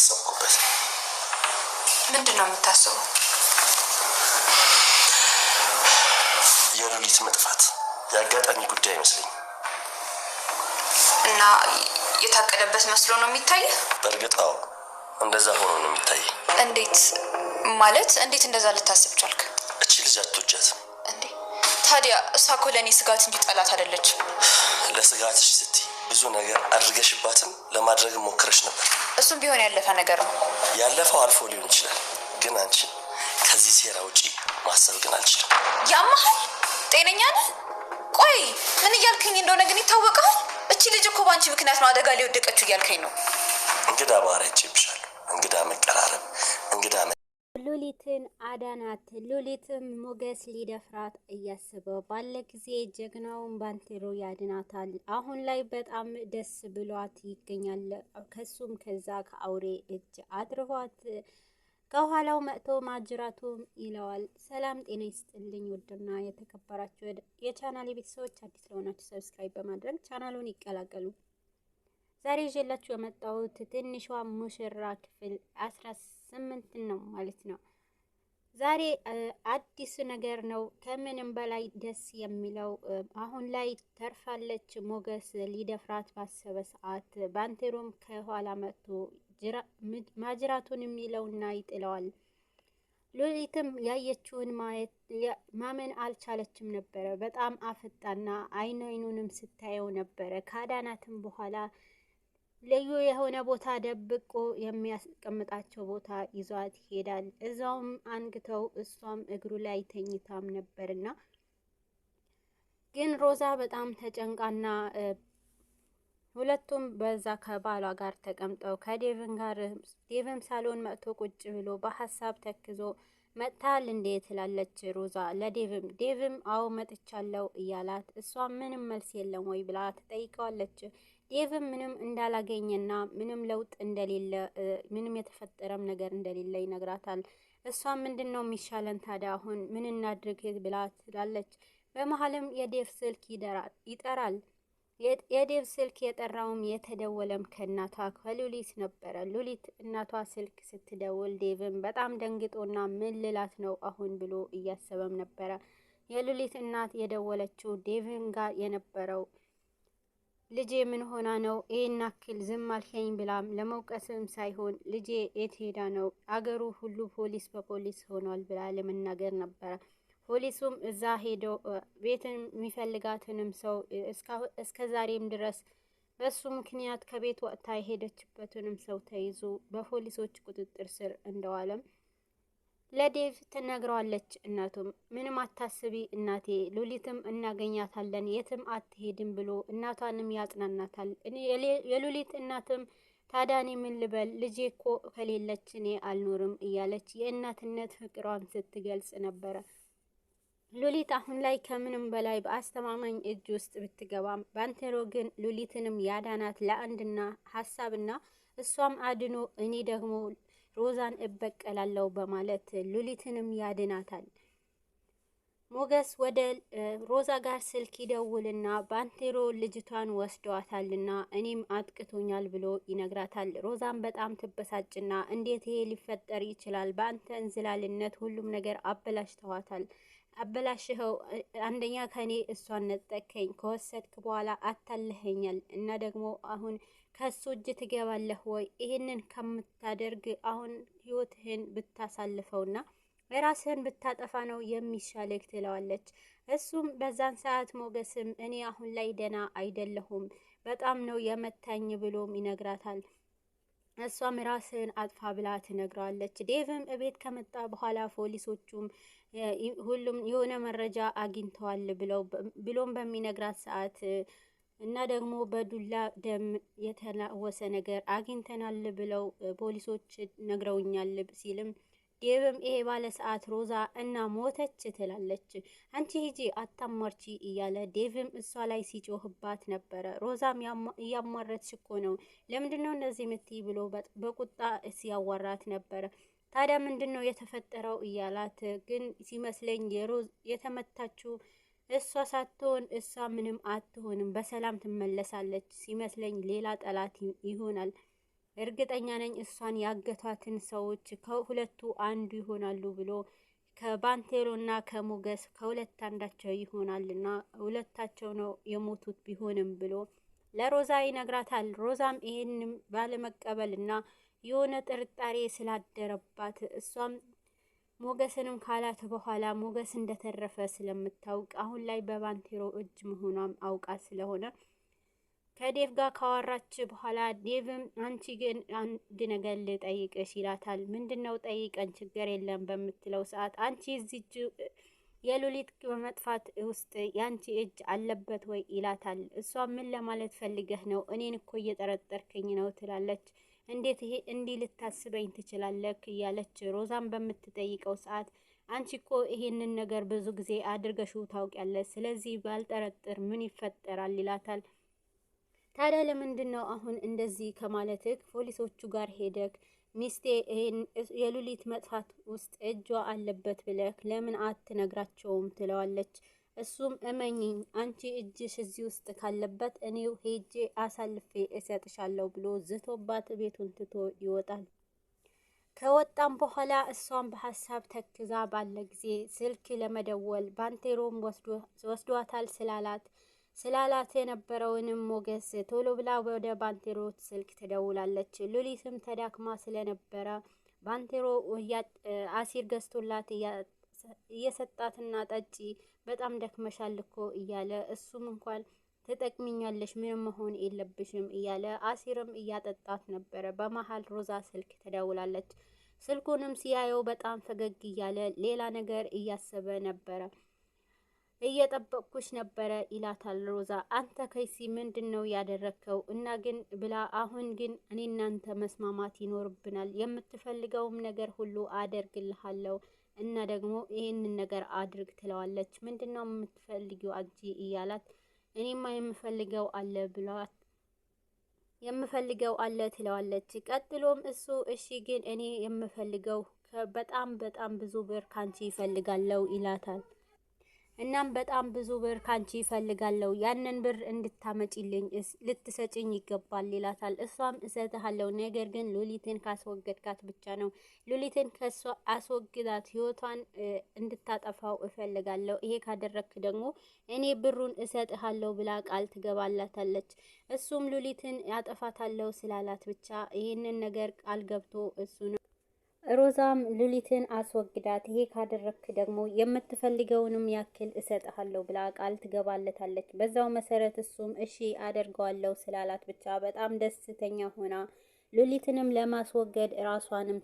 አላሰብኩበት። ምንድን ነው የምታስበው? የሉሊት መጥፋት የአጋጣሚ ጉዳይ አይመስለኝ እና የታቀደበት መስሎ ነው የሚታይ። በእርግጥ አዎ፣ እንደዛ ሆኖ ነው የሚታይ። እንዴት ማለት እንዴት እንደዛ ልታስብ ቻልክ? እቺ ልጅ አትወጃት እንዴ? ታዲያ እሷ እኮ ለእኔ ስጋት እንጂ ጠላት አይደለች። ለስጋትሽ ስትይ ብዙ ነገር አድርገሽባትም ለማድረግ ሞክረሽ ነበር። እሱም ቢሆን ያለፈ ነገር ነው። ያለፈው አልፎ ሊሆን ይችላል፣ ግን አንቺ ከዚህ ሴራ ውጪ ማሰብ ግን አልችልም። ያመሃል? ጤነኛ ነህ? ቆይ ምን እያልከኝ እንደሆነ ግን ይታወቃል። እቺ ልጅ እኮ በአንቺ ምክንያት ነው አደጋ ሊወደቀችው እያልከኝ ነው። እንግዳ ባህሪያ ይቼብሻለሁ። እንግዳ መቀራረብ፣ እንግዳ ሉሊትን አዳናት። ሉሊትም ሞገስ ሊደፍራት እያስበው ባለ ጊዜ ጀግናውን ባንቴሮ ያድናታል። አሁን ላይ በጣም ደስ ብሏት ይገኛል። ከሱም ከዛ ከአውሬ እጅ አድርቧት ከኋላው መጥቶ ማጅራቱም ይለዋል። ሰላም ጤና ይስጥልኝ ውድና የተከበራችሁ የቻናል ቤተሰቦች፣ አዲስ ለሆናችሁ ሰብስክራይብ በማድረግ ቻናሉን ይቀላቀሉ። ዛሬ ይዤላችሁ የመጣሁት ትንሿ ሙሽራ ክፍል ስምንት ነው ማለት ነው። ዛሬ አዲስ ነገር ነው። ከምንም በላይ ደስ የሚለው አሁን ላይ ተርፋለች። ሞገስ ሊደፍራት ባሰበ ሰዓት ባንቴሮም ከኋላ መጥቶ ማጅራቱን የሚለውና ይጥለዋል። ሉሊትም ያየችውን ማየት ማመን አልቻለችም ነበረ። በጣም አፈጣና አይን አይኑንም ስታየው ነበረ። ካዳናትም በኋላ ልዩ የሆነ ቦታ ደብቆ የሚያስቀምጣቸው ቦታ ይዟት ይሄዳል። እዛውም አንግተው እሷም እግሩ ላይ ተኝታም ነበርና ግን ሮዛ በጣም ተጨንቃና ሁለቱም በዛ ከባሏ ጋር ተቀምጠው ከዴቭን ጋር ዴቭም ሳሎን መጥቶ ቁጭ ብሎ በሀሳብ ተክዞ መጥታል እንዴ ትላለች ሮዛ ለዴቭም። ዴቭም አዎ መጥቻለው እያላት እሷ ምንም መልስ የለም ወይ ብላ ትጠይቀዋለች። ዴቭም ምንም እንዳላገኘና ምንም ለውጥ እንደሌለ ምንም የተፈጠረም ነገር እንደሌለ ይነግራታል። እሷ ምንድን ነው የሚሻለን ታዲያ አሁን ምን እናድርግ ብላ ትላለች። በመሀልም የዴቭ ስልክ ይጠራል። የዴቭ ስልክ የጠራውም የተደወለም ከእናቷ ከሉሊት ነበረ። ሉሊት እናቷ ስልክ ስትደውል ዴቭም በጣም ደንግጦና ምን ልላት ነው አሁን ብሎ እያሰበም ነበረ። የሉሊት እናት የደወለችው ዴቭን ጋር የነበረው ልጄ ምን ሆና ነው ይህን ያክል ዝም አልሸኝ? ብላም ለመውቀስም ሳይሆን ልጄ የት ሄዳ ነው አገሩ ሁሉ ፖሊስ በፖሊስ ሆኗል ብላ ለመናገር ነበረ። ፖሊሱም እዛ ሄዶ ቤትን የሚፈልጋትንም ሰው እስከ ዛሬም ድረስ በሱ ምክንያት ከቤት ወጥታ የሄደችበትንም ሰው ተይዞ በፖሊሶች ቁጥጥር ስር እንደዋለም ለዴቭ ትነግረዋለች። እናቱም ምንም አታስቢ እናቴ፣ ሉሊትም እናገኛታለን የትም አትሄድም ብሎ እናቷንም ያጽናናታል። የሉሊት እናትም ታዲያ እኔ ምን ልበል ልጄ እኮ ከሌለች እኔ አልኖርም እያለች የእናትነት ፍቅሯን ስትገልጽ ነበረ። ሉሊት አሁን ላይ ከምንም በላይ በአስተማማኝ እጅ ውስጥ ብትገባም ባንቴሮ ግን ሉሊትንም ያዳናት ለአንድና ሀሳብና እሷም አድኖ እኔ ደግሞ ሮዛን እበቀላለው በማለት ሉሊትንም ያድናታል። ሞገስ ወደ ሮዛ ጋር ስልክ ይደውልና ባንቴሮ ልጅቷን ወስደዋታልና እኔም አጥቅቶኛል ብሎ ይነግራታል። ሮዛን በጣም ትበሳጭና እንዴት ይሄ ሊፈጠር ይችላል? በአንተ እንዝላልነት ሁሉም ነገር አበላሽተዋታል። አበላሽኸው። አንደኛ ከኔ እሷን ነጠቀኝ፣ ከወሰድክ በኋላ አታለኸኛል እና ደግሞ አሁን ከሱ እጅ ትገባለህ ወይ? ይህንን ከምታደርግ አሁን ህይወትህን ብታሳልፈውና ራስህን ብታጠፋ ነው የሚሻልህ ትለዋለች። እሱም በዛን ሰዓት ሞገስም እኔ አሁን ላይ ደና አይደለሁም በጣም ነው የመታኝ ብሎም ይነግራታል። እሷም ራስህን አጥፋ ብላ ትነግረዋለች። ዴቭም እቤት ከመጣ በኋላ ፖሊሶቹም ሁሉም የሆነ መረጃ አግኝተዋል ብለው ብሎም በሚነግራት ሰዓት እና ደግሞ በዱላ ደም የተላወሰ ነገር አግኝተናል ብለው ፖሊሶች ነግረውኛል ሲልም ዴብም ይሄ ባለ ሰዓት ሮዛ እና ሞተች ትላለች። አንቺ ሂጂ አታማርቺ እያለ ዴቭም እሷ ላይ ሲጮህባት ነበረ። ሮዛም እያሟረትሽ እኮ ነው ለምንድን ነው እንደዚህ የምትይ ብሎ በቁጣ ሲያዋራት ነበረ። ታዲያ ምንድን ነው የተፈጠረው እያላት ግን ሲመስለኝ የተመታችው እሷ ሳትሆን እሷ ምንም አትሆንም፣ በሰላም ትመለሳለች። ሲመስለኝ ሌላ ጠላት ይሆናል። እርግጠኛ ነኝ እሷን ያገቷትን ሰዎች ከሁለቱ አንዱ ይሆናሉ ብሎ ከባንቴሮና ከሞገስ ከሁለት አንዳቸው ይሆናልና ሁለታቸው ነው የሞቱት ቢሆንም ብሎ ለሮዛ ይነግራታል። ሮዛም ባለመቀበል ባለመቀበልና የሆነ ጥርጣሬ ስላደረባት እሷም ሞገስንም ካላት በኋላ ሞገስ እንደተረፈ ስለምታውቅ አሁን ላይ በባንቴሮ እጅ መሆኗም አውቃ ስለሆነ ከዴቭ ጋር ካወራች በኋላ ዴቭም አንቺ ግን አንድ ነገር ልጠይቅሽ ይላታል። ምንድነው? ጠይቀን ችግር የለም በምትለው ሰዓት አንቺ እዚህ የሉሊት በመጥፋት ውስጥ ያንቺ እጅ አለበት ወይ ይላታል። እሷ ምን ለማለት ፈልገህ ነው? እኔን እኮ እየጠረጠርክኝ ነው ትላለች። እንዴት ይሄ እንዲህ ልታስበኝ ትችላለህ? እያለች ሮዛን በምትጠይቀው ሰዓት አንቺ እኮ ይሄንን ነገር ብዙ ጊዜ አድርገሽው ታውቂያለሽ፣ ስለዚህ ባልጠረጥር ምን ይፈጠራል? ይላታል። ታዲያ ለምንድን ነው አሁን እንደዚህ ከማለትህ ፖሊሶቹ ጋር ሄደክ ሚስቴ የሉሊት መጥፋት ውስጥ እጇ አለበት ብለህ ለምን አትነግራቸውም? ትለዋለች እሱም እመኝኝ አንቺ እጅሽ እዚህ ውስጥ ካለበት እኔው ሄጄ አሳልፌ እሰጥሻለሁ ብሎ ዝቶባት ቤቱን ትቶ ይወጣል። ከወጣም በኋላ እሷን በሀሳብ ተክዛ ባለ ጊዜ ስልክ ለመደወል ባንቴሮም ወስዷታል ስላላት ስላላት የነበረውንም ሞገስ ቶሎ ብላ ወደ ባንቴሮ ስልክ ትደውላለች። ሉሊትም ተዳክማ ስለነበረ ባንቴሮ አሲር ገዝቶላት እየሰጣትና ጠጪ በጣም ደክመሻል እኮ እያለ እሱም እንኳን ትጠቅሚኛለሽ ምንም መሆን የለብሽም እያለ አሲርም እያጠጣት ነበረ። በመሀል ሮዛ ስልክ ትደውላለች። ስልኩንም ሲያየው በጣም ፈገግ እያለ ሌላ ነገር እያሰበ ነበረ። እየጠበቅኩሽ ነበረ ይላታል ሮዛ። አንተ ከይሲ ምንድን ነው ያደረግከው? እና ግን ብላ አሁን ግን እኔ እናንተ መስማማት ይኖርብናል። የምትፈልገውም ነገር ሁሉ አደርግልሃለሁ እና ደግሞ ይህንን ነገር አድርግ ትለዋለች። ምንድን ነው የምትፈልጊው አንቺ እያላት እኔማ የምፈልገው አለ ብሏት የምፈልገው አለ ትለዋለች። ቀጥሎም እሱ እሺ ግን እኔ የምፈልገው በጣም በጣም ብዙ ብር ካንቺ ይፈልጋለው ይላታል። እናም በጣም ብዙ ብር ካንቺ ይፈልጋለሁ ያንን ብር እንድታመጪልኝ ልትሰጭኝ ይገባል ይላታል። እሷም እሰጥሃለሁ፣ ነገር ግን ሉሊትን ካስወገድካት ብቻ ነው። ሉሊትን አስወግዳት፣ ህይወቷን እንድታጠፋው እፈልጋለሁ። ይሄ ካደረግክ ደግሞ እኔ ብሩን እሰጥሃለሁ ብላ ቃል ትገባላታለች። እሱም ሉሊትን ያጠፋታለሁ ስላላት ብቻ ይህንን ነገር ቃል ገብቶ እሱ ነው ሮዛም ሉሊትን አስወግዳት፣ ይሄ ካደረግክ ደግሞ የምትፈልገውንም ያክል እሰጥሃለሁ ብላ ቃል ትገባለታለች። በዛው መሰረት እሱም እሺ አደርገዋለሁ ስላላት ብቻ በጣም ደስተኛ ሆና ሉሊትንም ለማስወገድ ራሷንም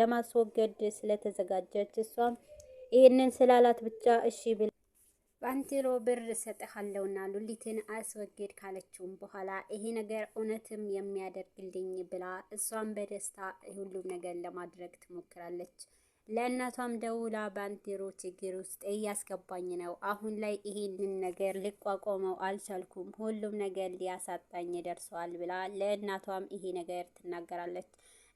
ለማስወገድ ስለተዘጋጀች እሷም ይህንን ስላላት ብቻ እሺ ብላ ባንቴሮ ብር ሰጥሃለውና ሉሊትን አስወግድ ካለችውም በኋላ ይሄ ነገር እውነትም የሚያደርግልኝ ብላ እሷን በደስታ ሁሉም ነገር ለማድረግ ትሞክራለች። ለእናቷም ደውላ ባንቴሮ ችግር ውስጥ እያስገባኝ ነው። አሁን ላይ ይሄንን ነገር ልቋቋመው አልቻልኩም። ሁሉም ነገር ሊያሳጣኝ ደርሰዋል ብላ ለእናቷም ይሄ ነገር ትናገራለች።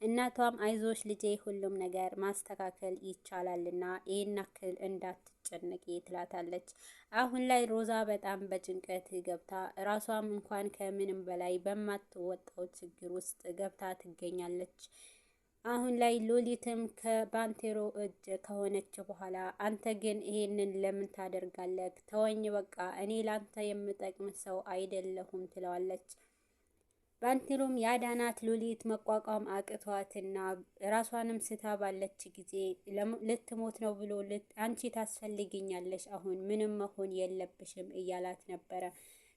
እናቷም አይዞሽ ልጄ ሁሉም ነገር ማስተካከል ይቻላልና ይህን አክል እንዳትጨነቂ ትላታለች። አሁን ላይ ሮዛ በጣም በጭንቀት ገብታ ራሷም እንኳን ከምንም በላይ በማትወጣው ችግር ውስጥ ገብታ ትገኛለች። አሁን ላይ ሎሊትም ከባንቴሮ እጅ ከሆነች በኋላ አንተ ግን ይሄንን ለምን ታደርጋለህ? ተወኝ በቃ እኔ ላንተ የምጠቅም ሰው አይደለሁም ትለዋለች። ባንቴሎም የአዳናት ሉሊት መቋቋም አቅቷትና ራሷንም ስታ ባለች ጊዜ ልትሞት ነው ብሎ አንቺ ታስፈልግኛለሽ፣ አሁን ምንም መሆን የለብሽም እያላት ነበረ።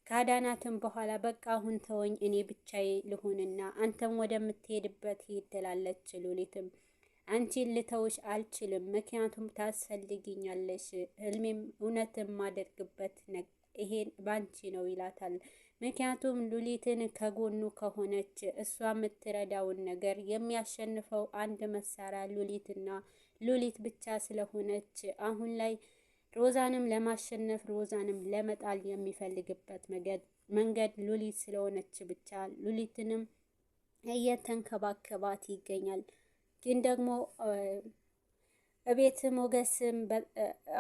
ከአዳናትም በኋላ በቃ አሁን ተወኝ፣ እኔ ብቻዬ ልሁንና አንተም ወደምትሄድበት ሂድ ትላለች ሉሊትም አንቺን ልተውሽ አልችልም፣ ምክንያቱም ታስፈልግኛለሽ። ህልሜም እውነት የማደርግበት ይሄን ባንቺ ነው ይላታል። ምክንያቱም ሉሊትን ከጎኑ ከሆነች እሷ የምትረዳውን ነገር የሚያሸንፈው አንድ መሳሪያ ሉሊትና ሉሊት ብቻ ስለሆነች አሁን ላይ ሮዛንም ለማሸነፍ ሮዛንም ለመጣል የሚፈልግበት መንገድ ሉሊት ስለሆነች ብቻ ሉሊትንም እየተንከባከባት ይገኛል። ግን ደግሞ እቤት ሞገስም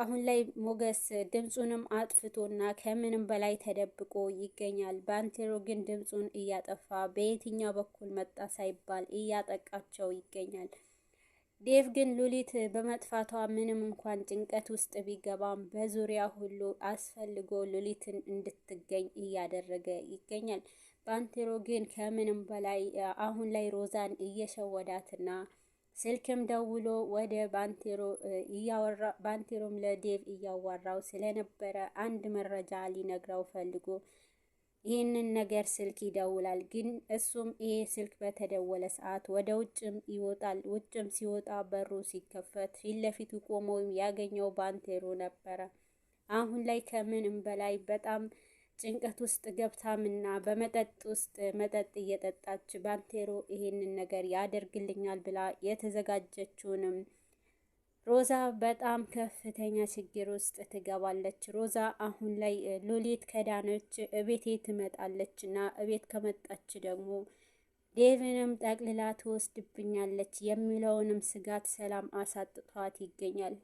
አሁን ላይ ሞገስ ድምፁንም አጥፍቶና ከምንም በላይ ተደብቆ ይገኛል። ባንቴሮ ግን ድምፁን እያጠፋ በየትኛው በኩል መጣ ሳይባል እያጠቃቸው ይገኛል። ዴቭ ግን ሉሊት በመጥፋቷ ምንም እንኳን ጭንቀት ውስጥ ቢገባም በዙሪያ ሁሉ አስፈልጎ ሉሊትን እንድትገኝ እያደረገ ይገኛል። ባንቴሮ ግን ከምንም በላይ አሁን ላይ ሮዛን እየሸወዳትና ስልክም ደውሎ ወደ ባንቴሮም ለዴቭ እያዋራው ስለነበረ አንድ መረጃ ሊነግረው ፈልጎ ይህንን ነገር ስልክ ይደውላል። ግን እሱም ይሄ ስልክ በተደወለ ሰዓት ወደ ውጭም ይወጣል። ውጭም ሲወጣ በሩ ሲከፈት ፊት ለፊቱ ቆሞ ያገኘው ባንቴሮ ነበረ። አሁን ላይ ከምንም በላይ በጣም ጭንቀት ውስጥ ገብታምና በመጠጥ ውስጥ መጠጥ እየጠጣች ባንቴሮ ይሄንን ነገር ያደርግልኛል ብላ የተዘጋጀችውንም ሮዛ በጣም ከፍተኛ ችግር ውስጥ ትገባለች። ሮዛ አሁን ላይ ሎሊት ከዳነች እቤቴ ትመጣለች እና እቤት ከመጣች ደግሞ ዴቭንም ጠቅልላ ትወስድብኛለች የሚለውንም ስጋት ሰላም አሳጥቷት ይገኛል።